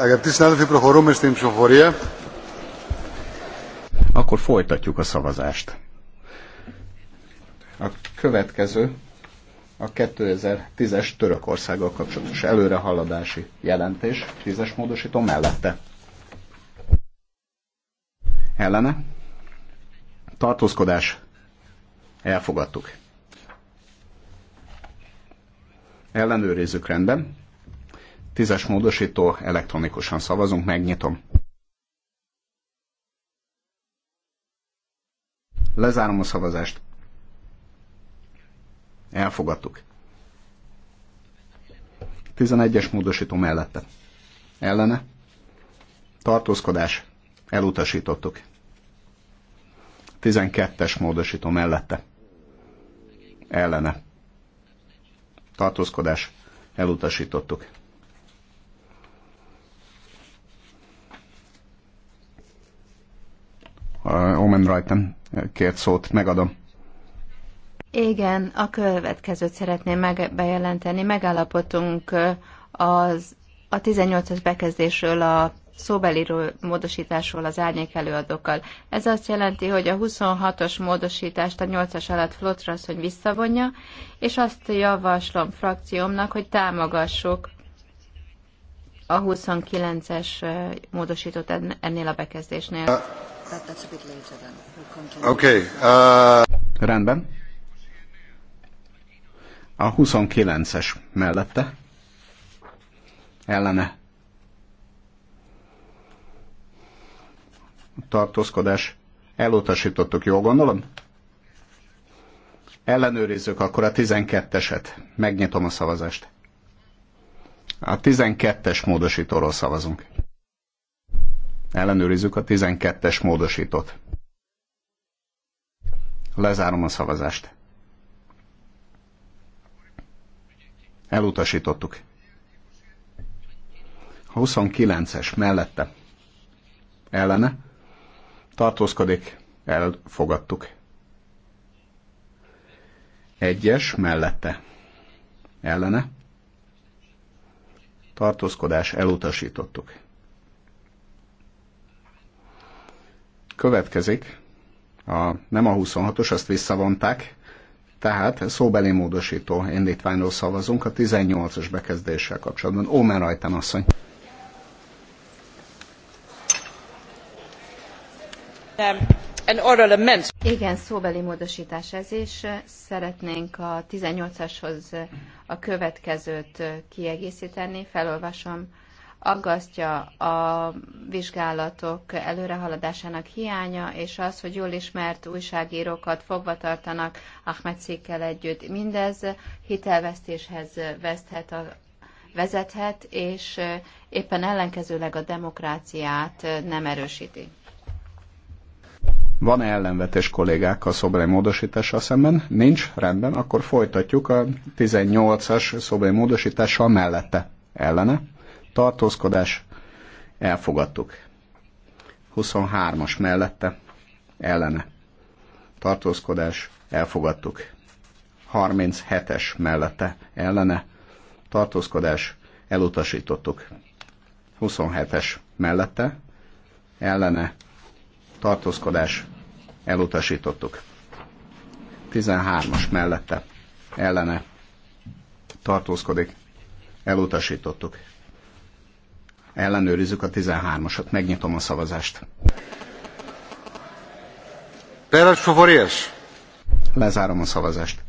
Αγαπητοί συνάδελφοι, προχωρούμε στην ψηφοφορία. Akkor folytatjuk a szavazást. A következő a 2010-es Törökországgal kapcsolatos előrehaladási jelentés 10-es módosító mellette. Ellene? Tartózkodás? Elfogadtuk. Ellenőrizzük rendben. Tízes módosító, elektronikusan szavazunk, megnyitom. Lezárom a szavazást. Elfogadtuk. 11-es módosító mellette. Ellene. Tartózkodás. Elutasítottuk. 12-es módosító mellette. Ellene. Tartózkodás. Elutasítottuk. Omen rajtam kért szót, megadom. Igen, a következőt szeretném meg, bejelenteni. Megállapodtunk az, a 18-as bekezdésről a szóbeli módosításról az árnyék előadókkal. Ez azt jelenti, hogy a 26-os módosítást a 8-as alatt flotra hogy visszavonja, és azt javaslom frakciómnak, hogy támogassuk a 29-es módosítót ennél a bekezdésnél. Oké. Okay. Uh... Rendben. A 29-es mellette. Ellene. Tartózkodás. Elutasítottuk, jól gondolom? Ellenőrizzük akkor a 12-eset. Megnyitom a szavazást. A 12-es módosítóról szavazunk. Ellenőrizzük a 12-es módosítót. Lezárom a szavazást. Elutasítottuk. 29-es mellette. Ellene. Tartózkodik. Elfogadtuk. Egyes mellette. Ellene. Tartózkodás elutasítottuk. Következik, a, nem a 26-os, azt visszavonták, tehát szóbeli módosító indítványról szavazunk a 18-as bekezdéssel kapcsolatban. Ómen rajtam asszony. Igen, szóbeli módosítás ez, és szeretnénk a 18-ashoz a következőt kiegészíteni. Felolvasom aggasztja a vizsgálatok előrehaladásának hiánya, és az, hogy jól ismert újságírókat fogva tartanak Ahmed Székkel együtt. Mindez hitelvesztéshez veszthet a, vezethet, és éppen ellenkezőleg a demokráciát nem erősíti. Van-e ellenvetés kollégák a szobrai módosítással szemben? Nincs? Rendben, akkor folytatjuk a 18-as szobrai módosítással mellette. Ellene? tartózkodás, elfogadtuk. 23-as mellette, ellene, tartózkodás, elfogadtuk. 37-es mellette, ellene, tartózkodás, elutasítottuk. 27-es mellette, ellene, tartózkodás, elutasítottuk. 13-as mellette, ellene, tartózkodik, elutasítottuk. Ellenőrizzük a 13-asat. Megnyitom a szavazást. Peres Favorias. Lezárom a szavazást.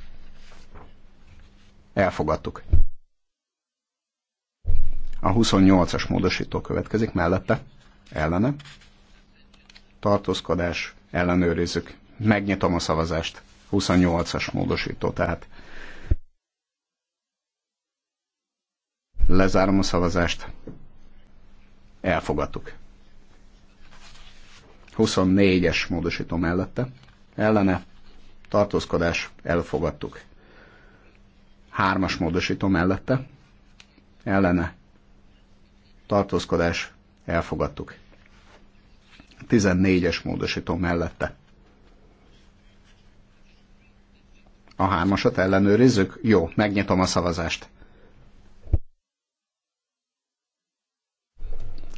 Elfogadtuk. A 28-as módosító következik mellette. Ellene. Tartózkodás. Ellenőrizzük. Megnyitom a szavazást. 28-as módosító, tehát lezárom a szavazást. Elfogadtuk. 24-es módosító mellette. Ellene. Tartózkodás. Elfogadtuk. 3-as módosító mellette. Ellene. Tartózkodás. Elfogadtuk. 14-es módosító mellette. A hármasat ellenőrizzük? Jó, megnyitom a szavazást.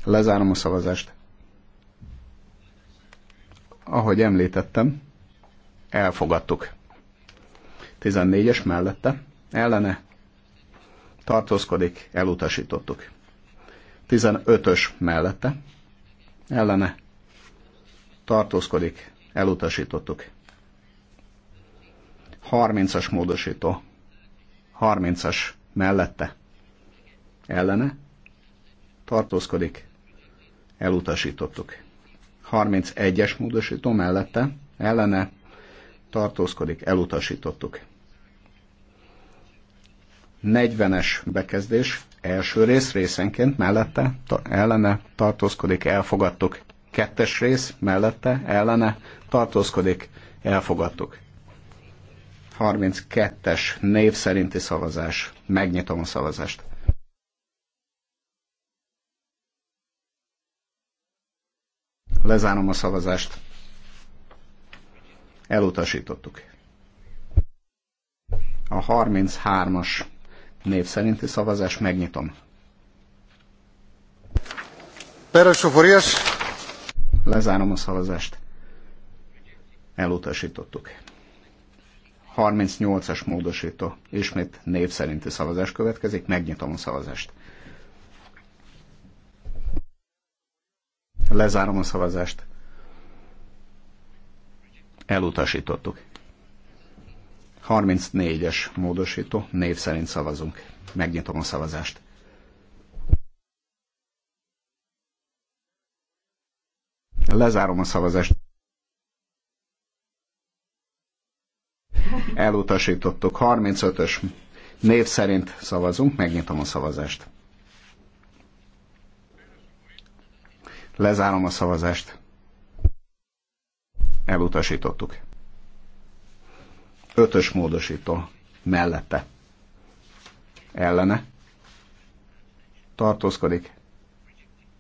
Lezárom a szavazást. Ahogy említettem, elfogadtuk. 14-es mellette, ellene tartózkodik, elutasítottuk. 15-ös mellette, ellene tartózkodik, elutasítottuk. 30-as módosító, 30-as mellette, ellene tartózkodik, elutasítottuk. 31-es módosító mellette ellene tartózkodik, elutasítottuk. 40-es bekezdés első rész részenként mellette ta, ellene tartózkodik, elfogadtuk. Kettes rész mellette ellene tartózkodik, elfogadtuk. 32-es név szerinti szavazás. Megnyitom a szavazást. Lezárom a szavazást. Elutasítottuk. A 33-as név szerinti szavazás megnyitom. Peres Lezárom a szavazást. Elutasítottuk. 38-as módosító. Ismét név szerinti szavazás következik. Megnyitom a szavazást. Lezárom a szavazást. Elutasítottuk. 34-es módosító, név szerint szavazunk. Megnyitom a szavazást. Lezárom a szavazást. Elutasítottuk. 35-ös név szerint szavazunk. Megnyitom a szavazást. Lezárom a szavazást. Elutasítottuk. Ötös módosító. Mellette. Ellene. Tartózkodik.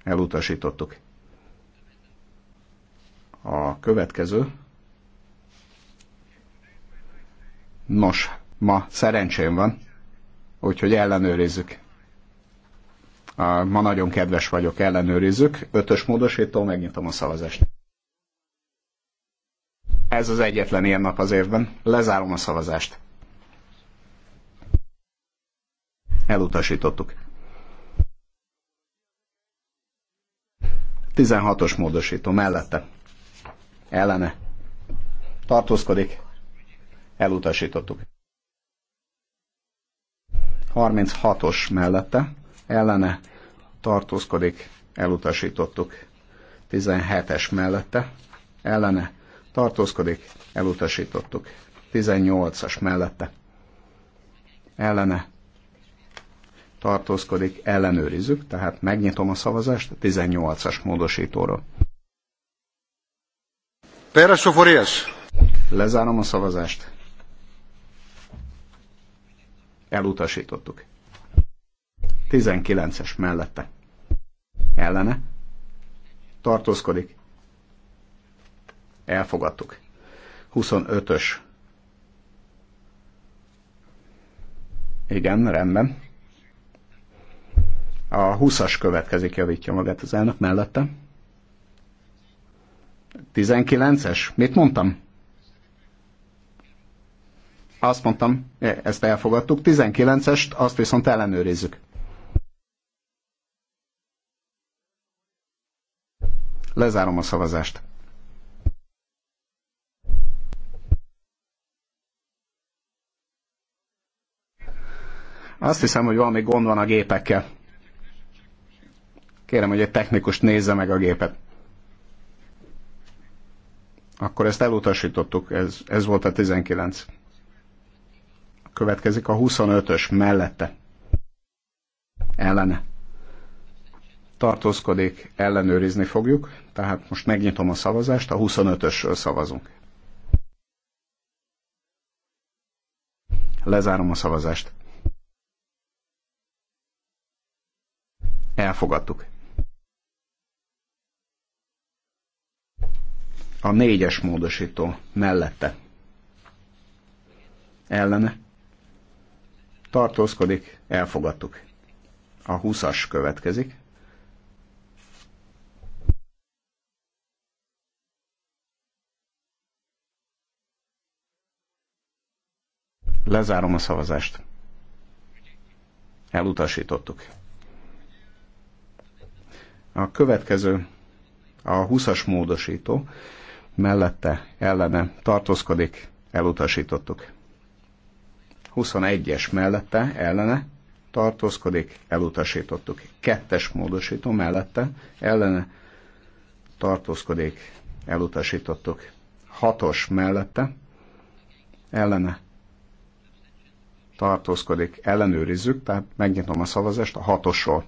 Elutasítottuk. A következő. Nos, ma szerencsém van, úgyhogy ellenőrizzük. Ma nagyon kedves vagyok, ellenőrizzük. Ötös módosítól megnyitom a szavazást. Ez az egyetlen ilyen nap az évben. Lezárom a szavazást. Elutasítottuk. 16-os módosító mellette. Ellene. Tartózkodik. Elutasítottuk. 36-os mellette. Ellene tartózkodik, elutasítottuk. 17-es mellette, ellene, tartózkodik, elutasítottuk. 18-as mellette, ellene, tartózkodik, ellenőrizzük, tehát megnyitom a szavazást a 18-as módosítóról. Pérez Lezárom a szavazást. Elutasítottuk. 19-es mellette ellene tartózkodik. Elfogadtuk. 25-ös. Igen, rendben. A 20-as következik, javítja magát az elnök mellette. 19-es? Mit mondtam? Azt mondtam, e, ezt elfogadtuk. 19-est, azt viszont ellenőrizzük. Lezárom a szavazást. Azt hiszem, hogy valami gond van a gépekkel. Kérem, hogy egy technikus nézze meg a gépet. Akkor ezt elutasítottuk, ez, ez volt a 19. Következik a 25-ös mellette. Ellene tartózkodik, ellenőrizni fogjuk. Tehát most megnyitom a szavazást, a 25-ösről szavazunk. Lezárom a szavazást. Elfogadtuk. A négyes módosító mellette. Ellene. Tartózkodik, elfogadtuk. A 20-as következik. Lezárom a szavazást. Elutasítottuk. A következő, a 20-as módosító, mellette ellene tartózkodik, elutasítottuk. 21-es mellette ellene tartózkodik, elutasítottuk. Kettes módosító mellette ellene tartózkodik, elutasítottuk. Hatos mellette ellene tartózkodik, ellenőrizzük, tehát megnyitom a szavazást a hatosról.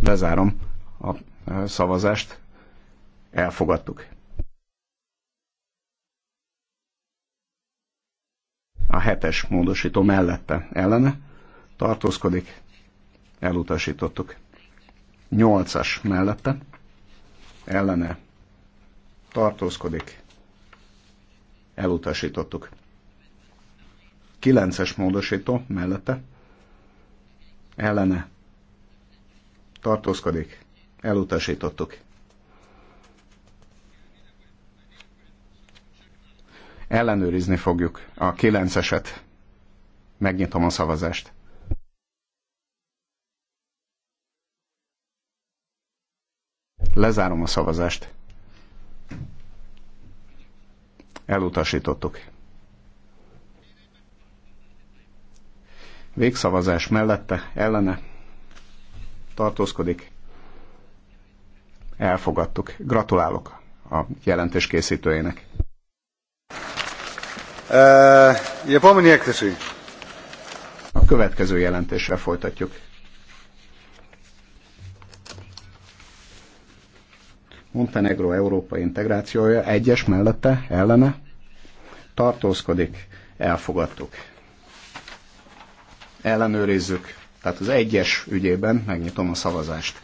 Lezárom a szavazást, elfogadtuk. A hetes módosító mellette ellene tartózkodik, elutasítottuk. Nyolcas mellette ellene tartózkodik, elutasítottuk. Kilences módosító mellette ellene tartózkodik, elutasítottuk. Ellenőrizni fogjuk a kilenceset. Megnyitom a szavazást. Lezárom a szavazást. Elutasítottuk. Végszavazás mellette, ellene tartózkodik. Elfogadtuk. Gratulálok a jelentés készítőjének. A következő jelentésre folytatjuk. Montenegro európai integrációja egyes mellette, ellene tartózkodik, elfogadtuk. Ellenőrizzük. Tehát az egyes ügyében megnyitom a szavazást.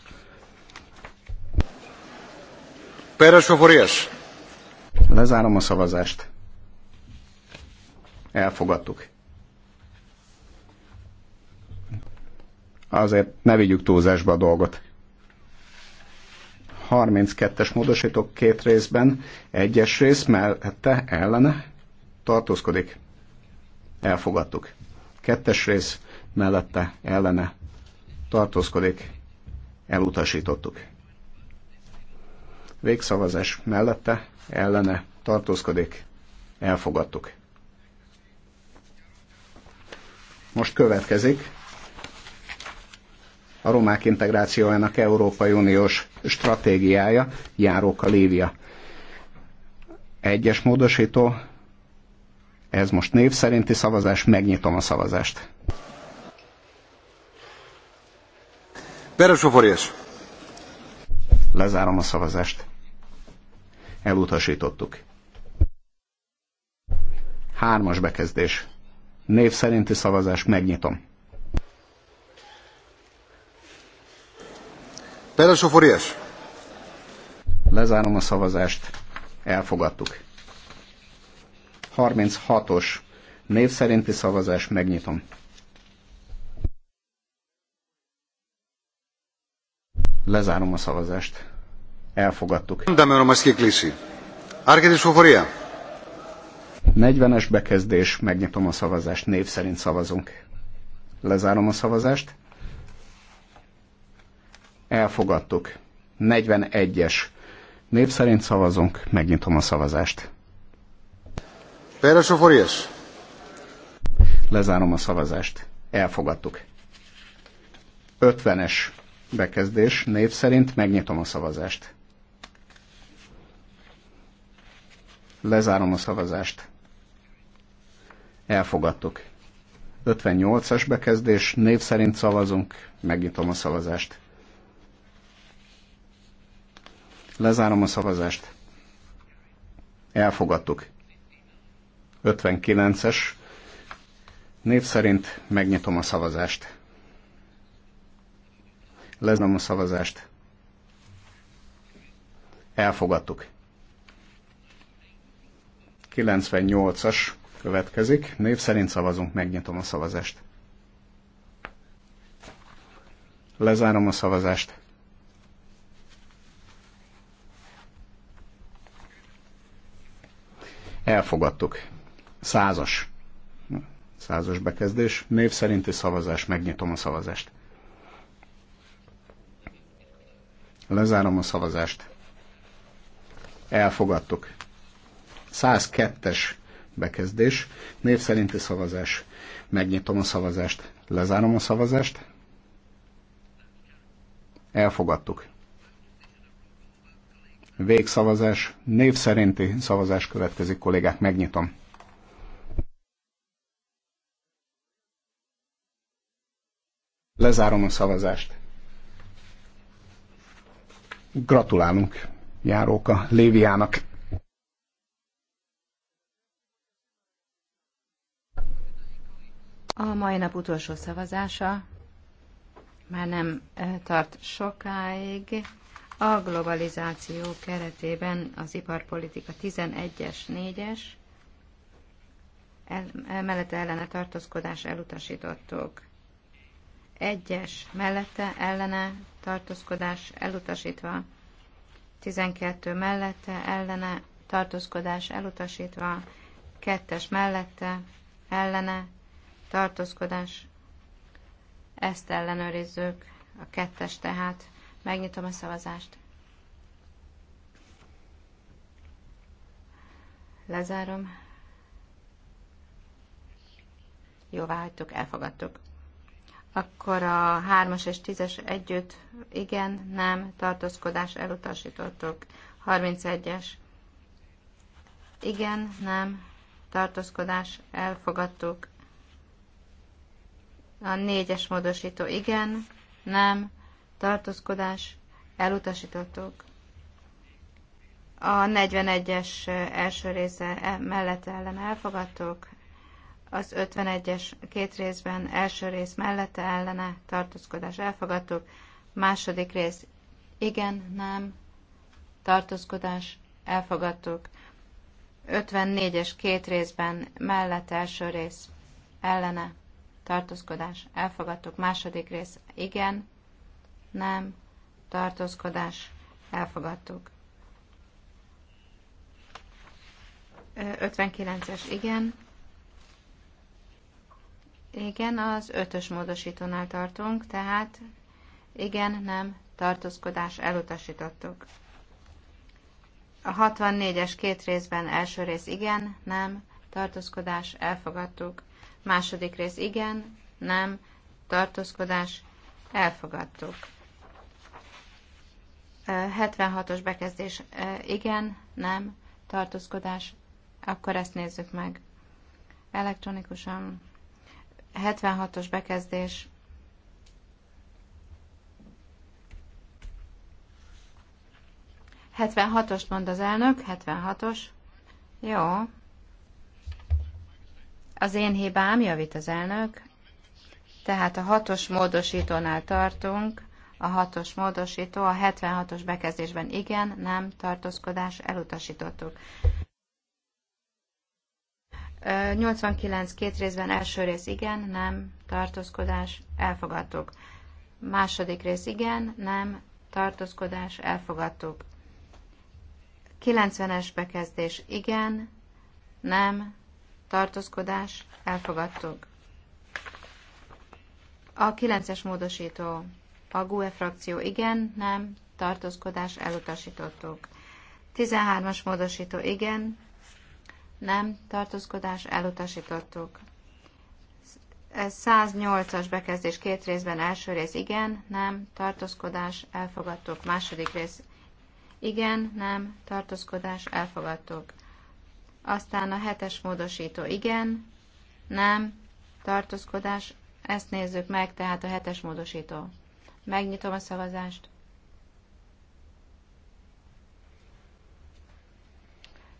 Peres Foforias. Lezárom a szavazást. Elfogadtuk. Azért ne vigyük túlzásba a dolgot. 32-es módosítók két részben, egyes rész mellette ellene tartózkodik. Elfogadtuk. Kettes rész mellette ellene tartózkodik. Elutasítottuk. Végszavazás mellette ellene tartózkodik. Elfogadtuk. Most következik a romák integrációjának Európai Uniós stratégiája, járók a Lívia. Egyes módosító, ez most név szerinti szavazás, megnyitom a szavazást. Peresoforias. Lezárom a szavazást. Elutasítottuk. Hármas bekezdés. Név szerinti szavazás, megnyitom. Περασοφορίας. Lezárom a szavazást. Elfogadtuk. 36-os név szerinti szavazás megnyitom. Lezárom a szavazást. Elfogadtuk. Nem a maszki klisi. Árkedés foforia. 40-es bekezdés, megnyitom a szavazást, név szerint szavazunk. Lezárom a szavazást. Elfogadtuk. 41-es. Név szerint szavazunk. Megnyitom a szavazást. Pérez Soforias. Lezárom a szavazást. Elfogadtuk. 50-es bekezdés. Név szerint megnyitom a szavazást. Lezárom a szavazást. Elfogadtuk. 58-as bekezdés, név szerint szavazunk, megnyitom a szavazást. Lezárom a szavazást. Elfogadtuk. 59-es. Név szerint megnyitom a szavazást. Lezárom a szavazást. Elfogadtuk. 98-as következik. Név szerint szavazunk, megnyitom a szavazást. Lezárom a szavazást. Elfogadtuk. Százas. Százas bekezdés. Név szerinti szavazás. Megnyitom a szavazást. Lezárom a szavazást. Elfogadtuk. 102-es bekezdés. Név szerinti szavazás. Megnyitom a szavazást. Lezárom a szavazást. Elfogadtuk végszavazás, név szerinti szavazás következik, kollégák, megnyitom. Lezárom a szavazást. Gratulálunk Járóka Léviának. A mai nap utolsó szavazása már nem eh, tart sokáig a globalizáció keretében az iparpolitika 11-es, 4-es, el, mellette ellene tartózkodás elutasítottuk. Egyes mellette ellene tartózkodás elutasítva. 12 mellette ellene tartózkodás elutasítva. 2-es, mellette ellene tartózkodás. Ezt ellenőrizzük. A 2-es tehát Megnyitom a szavazást. Lezárom. Jóvá hagytuk, elfogadtuk. Akkor a 3 és 10-es együtt igen, nem, tartózkodás elutasítottuk. 31-es igen, nem, tartózkodás elfogadtuk. A 4-es módosító igen, nem, tartózkodás, elutasítottuk. A 41-es első része e mellett ellen elfogadtuk, az 51-es két részben első rész mellette ellene tartózkodás elfogadtuk, második rész igen, nem, tartózkodás elfogadtuk. 54-es két részben mellett első rész ellene tartózkodás elfogadtuk, második rész igen, nem, tartózkodás, elfogadtuk. 59-es, igen. Igen, az ötös módosítónál tartunk, tehát igen, nem, tartózkodás, elutasítottuk. A 64-es két részben első rész igen, nem, tartózkodás, elfogadtuk. Második rész igen, nem, tartózkodás, elfogadtuk. 76-os bekezdés igen, nem, tartózkodás, akkor ezt nézzük meg. Elektronikusan 76-os bekezdés Hetvenhatost mond az elnök, 76-os. Jó. Az én hibám, javít az elnök. Tehát a hatos módosítónál tartunk. A hatos módosító a 76-os bekezdésben igen, nem, tartózkodás, elutasítottuk. 89 két részben első rész igen, nem, tartózkodás, elfogadtuk. Második rész igen, nem, tartózkodás, elfogadtuk. 90-es bekezdés igen, nem, tartózkodás, elfogadtuk. A 9-es módosító a GUE frakció igen, nem, tartózkodás elutasítottuk. 13-as módosító igen, nem, tartózkodás elutasítottuk. 108-as bekezdés két részben, első rész igen, nem, tartózkodás elfogadtuk. Második rész igen, nem, tartózkodás elfogadtuk. Aztán a hetes módosító igen, nem, tartózkodás, ezt nézzük meg, tehát a hetes módosító. Megnyitom a szavazást.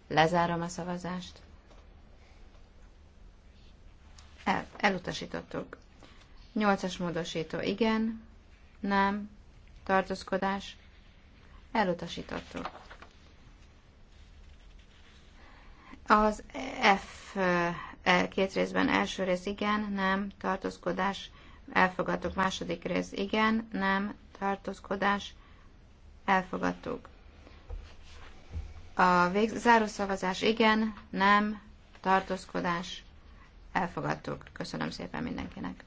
Lezárom a szavazást. El, elutasítottuk. Nyolcas módosító igen, nem, tartózkodás, elutasítottuk. Az F eh, két részben első rész igen, nem, tartózkodás, Elfogadtuk. Második rész. Igen, nem, tartózkodás. Elfogadtuk. A vég... zárószavazás. Igen, nem, tartózkodás. Elfogadtuk. Köszönöm szépen mindenkinek.